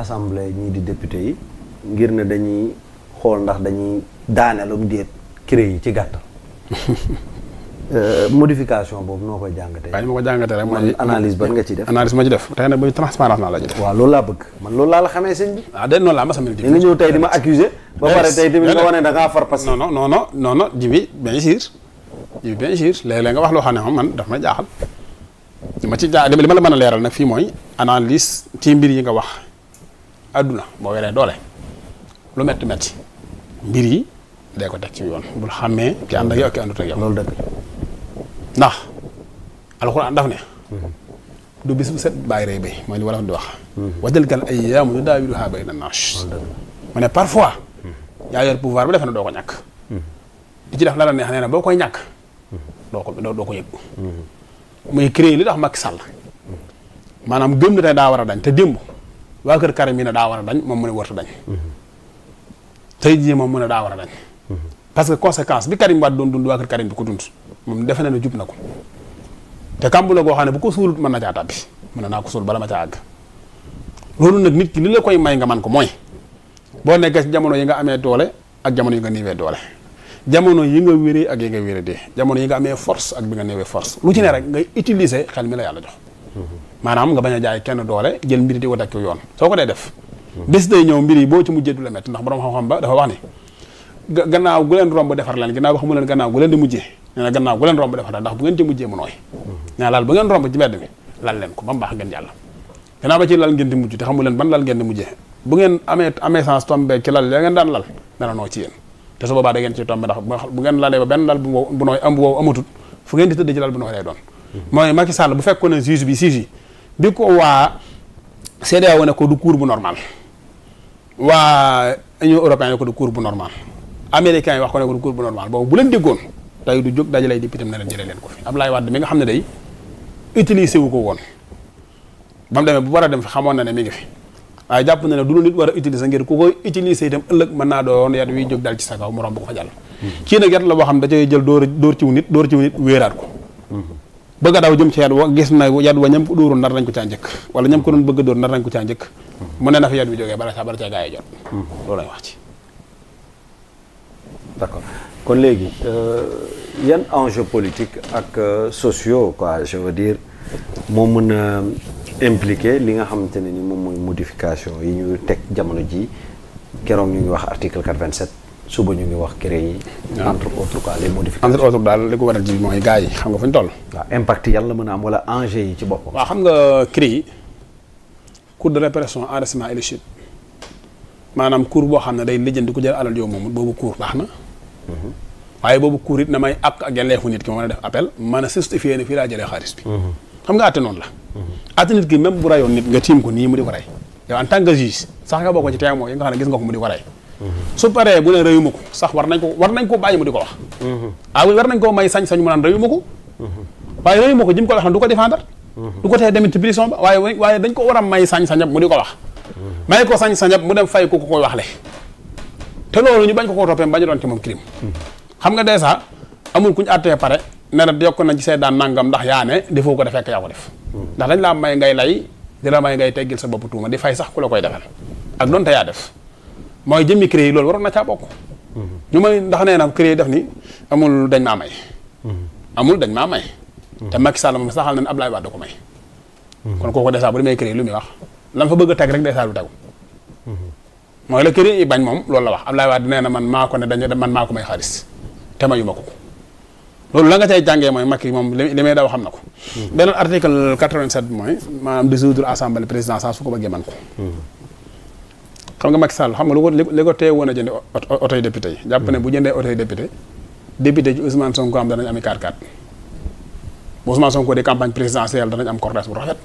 assemblée ñii di député yi ngir ne dañuy xool ndax dañuy daaneelum déet cré yi ci gàttal euh, modification boobu noo koy jàngatee. waaye ma ko jàngatee rek mooy analyse ban nga ci def. analyse ma ci def tey nag bu transparence naa la ci def. waaw loolu laa bëgg man loolu laa la xamee sëñ bi. ah déedéet noonu laa ma sama di nga ñëw tey di ma accusé. ba pare tey tamit nga wane da ngaa far parce que. non non non non non ji bi nga wax loo xam ne moom man daf may jaaxal. li ma ci jaaxal li ma la mën a leeral nag fii mooy analyse ci mbir yi nga wax. àdduna boo weree doole lu metti metti mbir yi day ko teg ci yoon bul xàmmee ki ànd ak yow ki àndut ak loolu dëgg ndax alxuraan daf ne du bis bu set baay rey bay mooy li wala di wax wajal gal ay yaamu ñu daa widu xaa ne parfois yaa yor pouvoir bi defe na doo ko ñàkk mhm. di ci def la neex nee boo koy ñàkk mhm. doo ko doo ko yëg mhm. muy créer li tax Macky Sall maanaam gëm na tey daa war dañ te démb waa kër Karim yi ne daa war a dañ moom mu ne warta dañ tey jii moom mu ne daa war a dañ parce que conséquence bi Karim Wade doon dund waa kër Karim bi ko dund moom defe na ne jub na ko te kàmb la goo xam ne bu ko suulut mën na caa tàbbi mën naa ko suul bala ma caa àgg loolu nag nit ki li la koy may nga man ko mooy boo nekkee ci jamono yi nga amee doole ak jamono yi nga niwee doole jamono yi nga wéree ak yi nga wéree dee jamono yi nga amee force ak bi nga néewee force lu ci ne rek ngay utiliser xel mi la yàlla jox maanaam nga bañ a jaay kenn doole jël mbiri di ko teg yoon soo ko dee def bés day ñëw mbir yi boo ci mujjee du la métti ndax borom xam-xam ba dafa wax ni gannaaw gu leen romb defar leen gannaaw ba xamu leen gannaaw gu leen di mujjee nee gannaaw gu leen romb defar leen ndax bu ngeen di mujjee bu ngeen amee amee sens tombé ci lal ya ngeen daan lal dana ci yéen te su boobaa da ci tombé ndax bu ngeen lalee ba benn lal bu nooy am bi ko waa CEDEAO ne ko du kuur bu normal waa Union européenne ne ko du cours bu normal américains yi wax ko ne ko du cours bu normal boobu bu leen déggoon tey du jóg dajalay député ne leen jëlee ko fi Abdoulaye mi nga xam ne day utilisé wu ko woon ba mu bu war a dem fi xamoon na ne mi ngi fi waaye jàpp na ne du lu war a utiliser ngir ku koy utiliser itam ëllëg mën naa doon yat wiy jóg dal ci sa kaw mu bu ko fa jàll. Hmm. kii nag yat la boo xam da cay jël door dóor ci wu nit door ci wu nit wéeraat ko. Hmm. bëgg daw jëm ci yat wa gis na yat wa ñam ko dóoroon nar nañ ko caa njëkk wala ñam ko doon bëgg a dóor nar nañ ko caa njëkk mu ne na fi yat bi jógee bala caa bala caa gaa yi jot hmm. loolu wax ci d'accord kon léegi euh, yan enjeu politique ak euh, sociaux quoi je veux dire moo mën a impliqué li nga xamante ne ni moom mooy modification yi ñu teg jamono ji keroog ñu ñu wax article 87 suba ñu ngi wax kere yi. Ah. entre autres quoi les modifications. entre autres daal li ko waral mooy gars yi xam nga fu ñu toll. waaw impact yi yan la mën a am wala enjeu yi ci boppam. waaw xam nga kere yi cour de répression enrichissement illicite maanaam boo xam ne day lijjanti ku jël alal yow moom boobu cour baax na. Mhm. waaye boobu cour it damay àq ak yelleefu nit ki ma mën a def appel mën a justifier ne fii laa jëlee xaalis bi. Mhm. xam nga àtte noonu la. Mhm. àtte nit ki même bu rayoon nit nga tiim ko nii mu di ko yow en tant que juge sax nga bokk ci teemoo yi nga xam ne ko mu di ko su paree bu ne rëyuma ko sax war nañ ko war nañ ko bàyyi mu di ko wax mhm. ah oui nañ koo may sañ-sañ mu naan rëyuma ko mhm. waaye rëyuma ko jëm ko wax na du ko défendre mhm. du ko tee demit ci prison ba waaye dañ ko war may sañ-sañam mu di ko wax may ko sañ-sañam mu dem fay ko ko koy wax le te loolu ñu bañ ko ko toppee bañ doon ci moom crime xam nga dèjà amul kuñ àttee pare ne la yokk nañ ci say daan nangam ndax yaa ne defoo ko defee fekk yaa ko def ndax dañ laa may ngay lay di la may ngay teggil sa bopp tuuma di fay sax ku la koy defal ak doonte yaa def mooy jëmmi créé yi loolu waroon na caa bokk. Mm-hmm. ñu ma ndax nee na créé def ni amul dañ maa may. Mm-hmm. amul dañ maa may. Mm-hmm. te Macky Sall moom saxal na ne Ablaye Wade da ko may. kon kooku dèjà bu demee créé lu muy wax la fa bëgg a teg rek dèjà du tegu. mooy la créé yi bañ moom loolu la wax Ablaye Wade nee na man maa ko ne dañ man maa ko may xaalis te mayu ko. loolu la nga cay jàngee mooy Macky moom li may daw xam na ko. beneen article 87 mooy maanaam dissoudre assemblée présidence saa su ko bëggee man ko. xam nga Macky Sall xam nga lu ko li ko tee woon a jënd oto yi député yi jàpp ne bu jëndee oto yi député député ji Ousmane Sonko am danañ ami am cortège bu rafet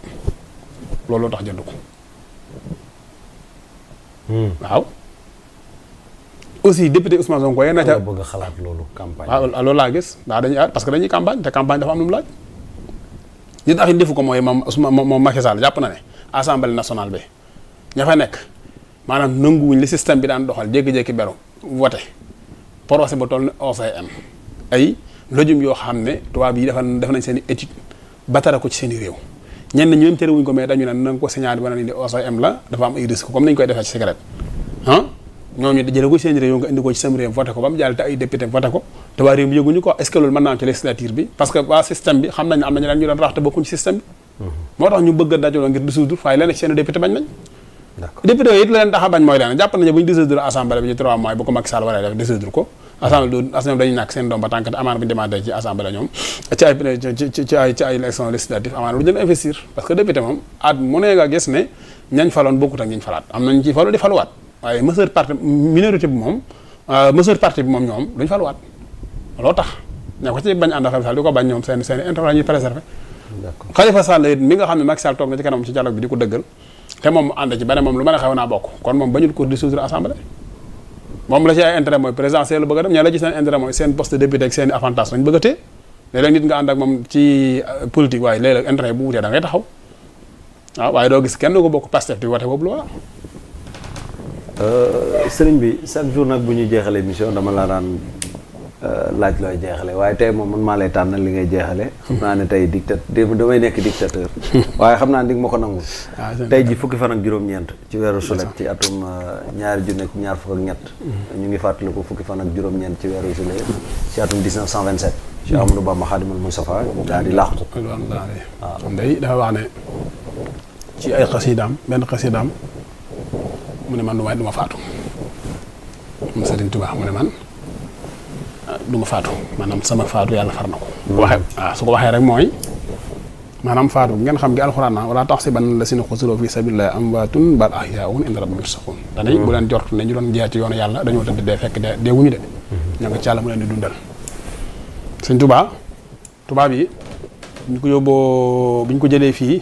loolu tax jënd ko hmm. waaw aussi député Ousmane Sonko yéen a ca bëgg xalaat loolu campagne waaw loolu laa gis ndax dañuy parce que dañuy campagne te campagne dafa am lu mu laaj li tax it defu ko mooy moom Ousmane moom Macky Sall yàpp na ne assemblée nationale bi ña fa nekk maanaam nanguwuñ li système bi daan doxal jékki-jékki beru voté procès ba toll ne OCM ay lojum yoo xam ne tubaab yi dafa def nañ seen i étude ba tara ko ci seen i réew ñenn ñi même na nga ko signaler comme nañ koy defee ci cigarette ah ñooñu jële nga indi ko ci bi parce que waa système bi xam nañ ne am nañu ñu doon rax te bokkuñ ci système bi mhm. moo tax ñu bëgg a dajaloo ngir dissoudre waaye leen seen député bañ nañ d'accord député yooyu it la leen tax bañ mooy leen jàpp nañu bu ñu dissoudre assemblée bi ci 3 mois bu ko Macky Sall waree def dissoudre ko assemblée du assemblée dañuy seen doom ba tànk amaan bu ñu ci assemblée ñoom ci ay ci ay amaan lu jën investir parce que député moom at mu ne nga gis ne ñañ faloon bokkut ak ñañ falaat am nañ ci falu di faluwaat waaye euh, ci bañ ànd ko bañ ñoom seen seen intérêt la ñuy préserver Khalifa Sall it mi nga xam ne Macky Sall toog na ci kanam ci dialogue bi di ko dëggal te moom mu ànd ci beneen moom lu ma a xew naa bokk kon moom bañul ko dissoudre assemblée moom la ci ay intérêt mooy présidentiel lu bëgg dem ñaa la ci seen intérêt mooy seen poste de député ak seen avantage lañ bëgg a téye léeg nit nga ànd ak moom ci euh, politique waaye léeg-léeg intérêt bu wutee da ngay taxaw waaw waaye doo gis kenn ko bokk Pastef di wate boobu loola euh, sëriñ bi chaque jour nag bu ñuy jeexal émission dama laa daan Euh, laaj looy jeexale waaye tey moom man maa lay tànnal li ngay jeexale xam naa ne tey dictat damay nekk dictateur waaye xam naa ne di ma ko nangul ah, tay ji fukki fan ak juróom-ñeent ci weeru sulet ci atum euh, ñaari junne ak ñaar fukk mm-hmm. ñu ngi fàttaliku fukki fan ak juróom-ñeent ci weeru juillet ci atum 1927 ci Amadou Bamba Xaadimal Mustafa daal di laaxtu waa day dafa wax ne ci ay xasidaam benn xasidaam mu ne man lu may du ma faatu mu Sëriñ Tuubaa mu ne man du ma faatu maanaam sama faatu yàlla far na ko. waxee waaw ah, su ko waxee rek mooy maanaam faatu ngeen xam gi alxuraan na wala tax si ban la si ne xusuroo fi sabilillah amwaatun bal ahyaa'un inda rabbihim yurzaquun. dañuy hmm. bu leen jort ne ñu doon jeex ci yoonu yàlla dañoo tëdd dee fekk dee deewuñu de. Hmm. ña nga ci yàlla mu leen di dundal. sëñ Tuubaa tubaab yi ñu ko yóbboo bi ko jëlee fii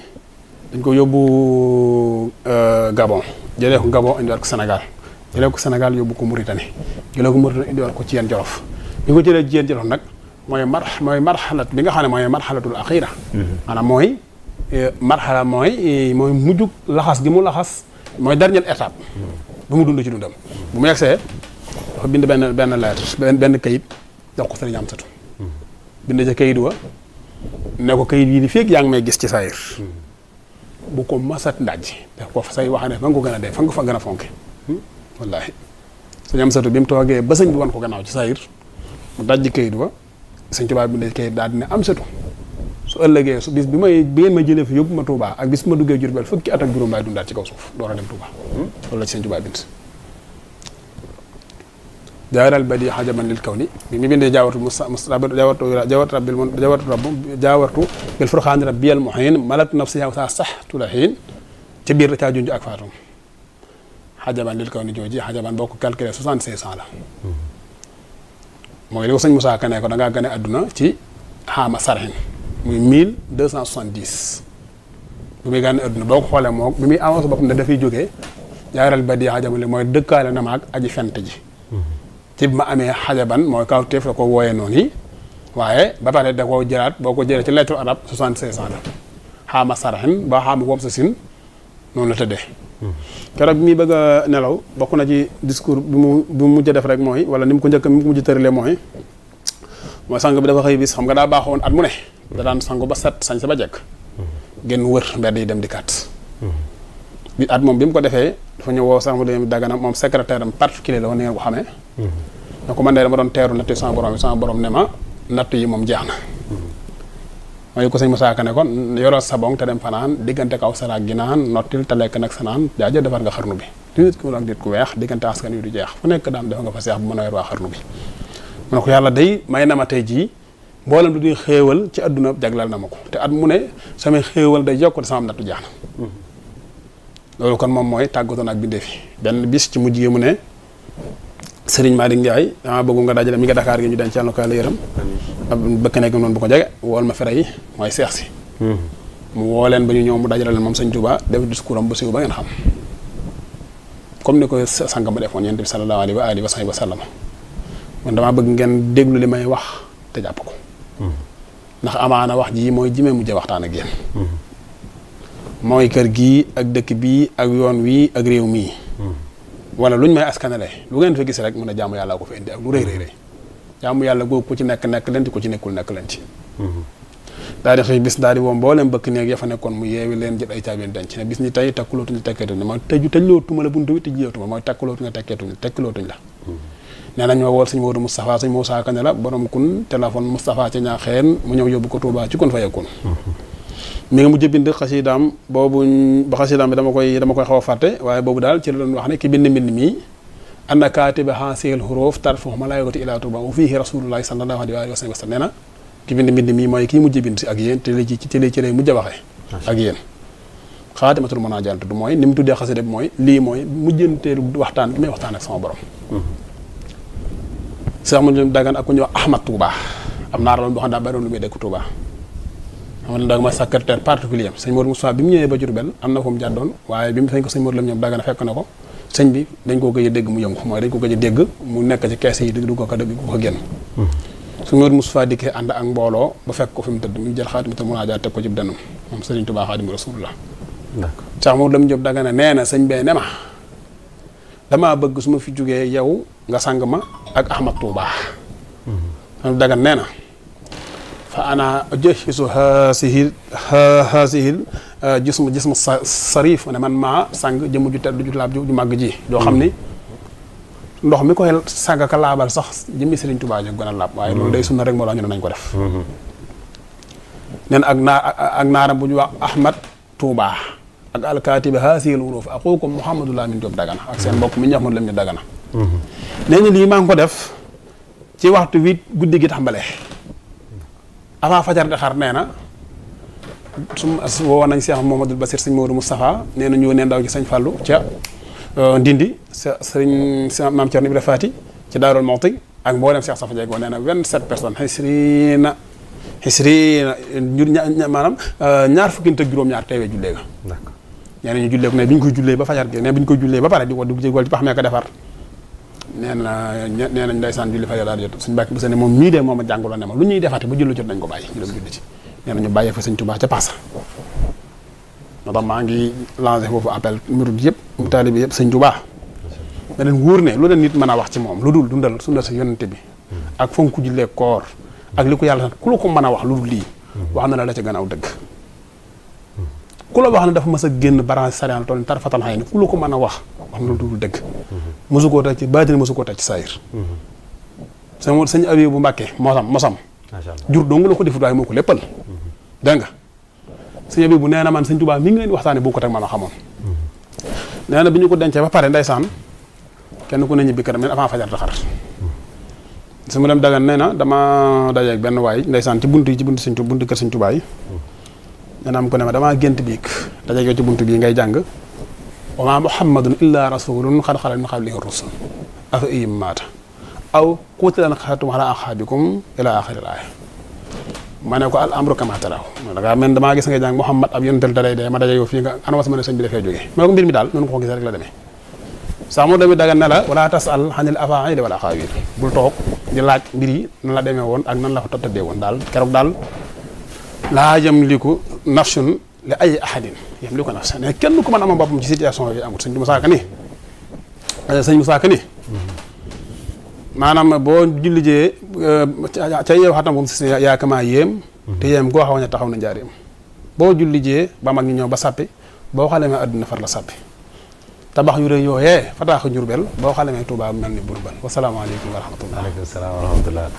dañ ko yóbbu euh, Gabon jëlee ko Gabon indiwaat ko Sénégal jëlee ko Sénégal yóbbu ko Mauritanie jëlee ko Mauritanie indiwaat ko ci yenn Jolof bi ko jëlee jigéen jëloon nag mooy mar mooy marxalat bi nga xam ne mooy mar marxalatul axira mm-hmm. maanaam mooy e, marxala mooy e, mooy mujjug laxas gi mu laxas mooy dernière étape mm-hmm. bu mu dund ci dundam bu mu yegsee dafa bind benn benn lettre benn kayit jox sa sëriñ Amsatu mm-hmm. bind wa ne ko kayit yii di feeg yaa ngi may gis ci saayir bu ko masat ndajj def ko say wax ne fa ko gën a dee fa nga fa gën a fonke hmm? wallaahi sëriñ Amsatu bi mu toogee ba sañ bi won ko gannaaw ci saayir dajji kayit wa sëñ Tuubaa bi ne kayit daal dina am sëtu su su bis bi may bi ma jëlee fi yóbbu ma Touba ak bis ma duggee Jurbel fukki at ak juróom laay dundaat ci kaw suuf door a dem Touba loolu la ci sëñ Tuubaa bind ni bi mi bindee jaawartu jaawartu jaawartu rabbil jaawartu rabbu jaawartu bil furxaani rabbiyal muhiin saa sax tulahiin ci biir da caa junj ak faatum xajaman lil kaw ni jooji xajaman boo ko soixante-cinq cent la mooy li ko sëñ Moussa Ka ne ko dangaa gane àdduna ci xaama sarxin muy mille 1270 bu muy gane adduna boo ko xoolee moom bi muy avancé boppam ne dafay jóge jaaral ba di xajamale mooy dëkkaale na maag aji fent ji ci ma amee xajaban mooy kawteef la ko wooyee noonu yi waaye ba pare da koo jëlaat boo ko jëlee ci lettre arab 76 ans la xaama sarxin ba xaama woom sa sin noonu la tëddee keroog bi muy bëgg nelaw bokk na ci discours bi mu bi mu mujj def rek mooy wala ni mu ko njëkk mu mu ko mujj tëralee mooy mooy sang bi dafa xëy bis xam nga daa baaxoon at mu ne. da daan sangu ba set sañ sa ba jekk. genn wër mbedd yi dem di kat. bi at moom bi mu ko defee dafa ñëw woo sang bi dagana moom secrétaire am particulier la woon ni ngeen ko xamee. Mhm. na ko man de dama doon teeru natt yi sama borom yi sama borom ne ma natt yi moom jeex na. mooy ko sëñ Moussa Ka ne kon yoroo sabong te dem fanaan diggante kaw salaak ginaan nottil te lekk nag sanaan jaajëf defar nga xarnu bi di ku weex diggante askan yu du jeex fu nekk daam def nga fa a yor waa xarnu mu ne ko yàlla day may na ma tey jii mboolem lu duy xéewal ci adduna jaglal na ma ko te at mu ne samay xéewal day yokk sama am nattu jaax na mm-hmm. loolu kon moom mooy tàggatoon ak bindee fi benn bis ci mu yi mu ne Serigne Malick Ndiaye dama bëgg nga dajale mi nga dakaar gi ñu denc yàlla na ko yàlla yërëm bëkk nekk noonu bu ko jege wool ma fere yi mooy seex si hmm. mu woo leen ba ñu ñëw mu dajale leen moom sëñ Touba def discours am bu siiw ba ngeen xam comme ni ko sànq ba defoon yonent bi sallallahu alayhi wa alihi wa sahbihi wa sallam man damaa bëgg ngeen déglu li may wax te jàpp ko hmm. ndax amaana wax jii mooy jimee mujjee waxtaan ak yéen hmm. mooy kër gii ak dëkk bii ak yoon wii ak réew mii wala lu ñu may askanale lu ngeen fa gis rek mën a jaamu yàlla ko fa indi ak lu rëy rëy rëy jaamu yàlla googu ku ci nekk nekk leen ci ku ci nekkul nekk leen ci mm-hmm. daal di xëy bis daal di woo mbooleem bëkk néeg ya fa nekkoon mu yeewi leen jël ay caabeen denc ne bis ñi tey takkulootuñu tekkeetuñ la ma tëju tëjlootuma la buntu bi tëjlootuma mooy takkulootu nga tekkeetuñ la tekkulootuñ mm-hmm. la nee nañ ma wool suñ Modou Moustapha suñ Moussa Kane la borom kun téléphone Moustapha ca ñaaxeen mu ñëw yóbbu ko Touba ci kon fa yeggoon mm-hmm. mi nga mujj bind xasidaam boobu ba xasidaam bi dama koy dama koy xaw a fàtte waaye boobu daal ci la doon wax ne ki bind mbind mii anna kaatiba hasil huruf tarfo malaayikati ila tuba wa fihi rasulullahi sallallahu alayhi wa sallam nee na ki bind mbind mii mooy kii mujj bind si ak yéen te li ci ci li ci lay mujj a waxee ak yéen xaatimatul munaajaat du mooy ni mu tuddee xasida bi mooy lii mooy mujjanteelu waxtaan bi may waxtaan ak sama borom mu hmm. Mouhamadou daggan ak ku ñuy wax Ahmad Touba am naa raloon boo xam daa bari lu muy dekk Touba ama na daag ma secrétaire particulier sëñ Modou Moussa bi mu ñëwee ba Diourbel am na fu mu jàddoon waaye bi mu fañ ko sëñ Modou ko a dégg mu yëngu mooy dañ ko gëj a dégg mu nekk ci kees yi di du ko ko dégg du ko génn hmm. sëñ Modou Moussa dikkee ànd ak mbooloo ba fekk ko fi mu tëdd mu jël xaatimatul munaajaat teg ko ci dënnam moom sëriñ Tuubaa Xaadimu Rasuulullaah Cheikh nee na sëñ bee ne ma damaa bëgg su ma fi jógee yow nga sang ma ak Ahmad Tuubaa hmm. dagan nee na fa ana ujahizu haasihi haasihil eh, jism jism sarif ne man maa sàng jëmm ju tedd ju laab ju màgg ji doo xam ni ndox mi koy sàng ka laabal sax jëmmi Sëriñ Tuubaa ji gën a laab waaye loolu day sunna rek moo la ñu nañ ko def nen ak naa ak naaram bu ñu wax Ahmad Touba ak alkaatiba haasihil wuruf aqukum Mouhamadou Lamine Diop Dagana ak seen mbokk mi ñu xamul lam ñu Dagana mhm. nee na lii maa ngi ko def ci waxtu wi guddi gi tàmbalee avant fajar di xar nee na su woo nañ Cheikh Mouhamadoul Bassir sëñ Maodo Moustapha nee na ñu ne ndaw ci sëñ Fallou ca euh, Ndindi sa sëñ sa maam Thierno Ibrahima Fati ci Daarul Mouhty ak mboolem Cheikh Safa Diego nee na 27 personnes personne na xisri na ñu maanaam euh, ñaar fukki nit ak juróom-ñaar teewee jullee ga. d'accord nee na ñu jullee ko ne bi ñu koy jullee ba fajar gi ne bi ñu koy jullee ba pare di ko di jégal ba xam ne ko defar. nee na nee nañ ndeysaan julli fajar daal jot suñ mbàkk bu sene moom mii de moom a jànguloo ne ma lu ñuy defaate bu julli jot nañ ko bàyyi ñu dem julli ci nee na ñu bàyyee fa sëñ Tuubaa ca paasa moo tax maa ngi lancé foofu appel murid yëpp taalibe yëpp sëñ Tuubaa na leen wóor ne lu leen nit mën a wax ci moom lu dul dundal suñ sundal sa yonante bi ak fonk jullee koor ak li ko yàlla ku la ko mën a wax lu dul lii wax na la la ca gannaaw dëgg ku la wax ne dafa mas a génn barang sarian toll ni tarfatal xay ni ku la ko mën a wax wax na lu dul dëgg mosu koo teg ci baatin mosu koo teg ci saayir sama sëñ abi bu mbàkke mosam mosam jur dong la ko defut waaye moo ko léppal dégg nga sëñ abi bu nee na man sëñ Tuubaa mi ngi leen waxtaane bu ko teg ma a xamoon nee na bi ñu ko dencee ba pare ndeysaan kenn ku ne ñibbi këram avant fajar taxar su ma dem dagan nee na dama dajeeg benn waay ndeysaan ci buntu yi ci bunt sëñ buntu kër sëñ dana am ko ne ma damaa gént biig daje ko ci buntu bii ngay jàng wa ma muhammadun illa rasulun xad xalat min qablihi rusul afa iyim maata aw quutilan xaratum ala axaabikum ko al amru kama taraw da ma daje yow fii nga ana was ma ne sëñ bi dafee jógee ma ne ko mbir mi daal noonu ko gisee rek la demee saa mu demee daga ne la wala tasal xanil afaili wala xaawil bul toog di laaj mbir yi nan la demee woon ak nan la fa tëddee woon daal keroog daal laajam liku nafsun li ay ahadin yam li ko nafsa ne kenn ku mën amal boppam ci situation yi amut sëñ Musaa Ka ni sañ Musaa Ka ni maanaam boo jullijee euh, ca yeew xatam moom si yaakamaa yéem te yéem goo xaw ne taxaw na njaareem boo jullijee ba mag ñi ñëw ba sàppi boo xalemee àdduna far la sàppi tabax yu rëy yooyee fataax Njurbel boo xalemee Tuubaa mel ni Burbal wasalaamaaleykum wa rahmatullah aleykum salaam wa rahmatullah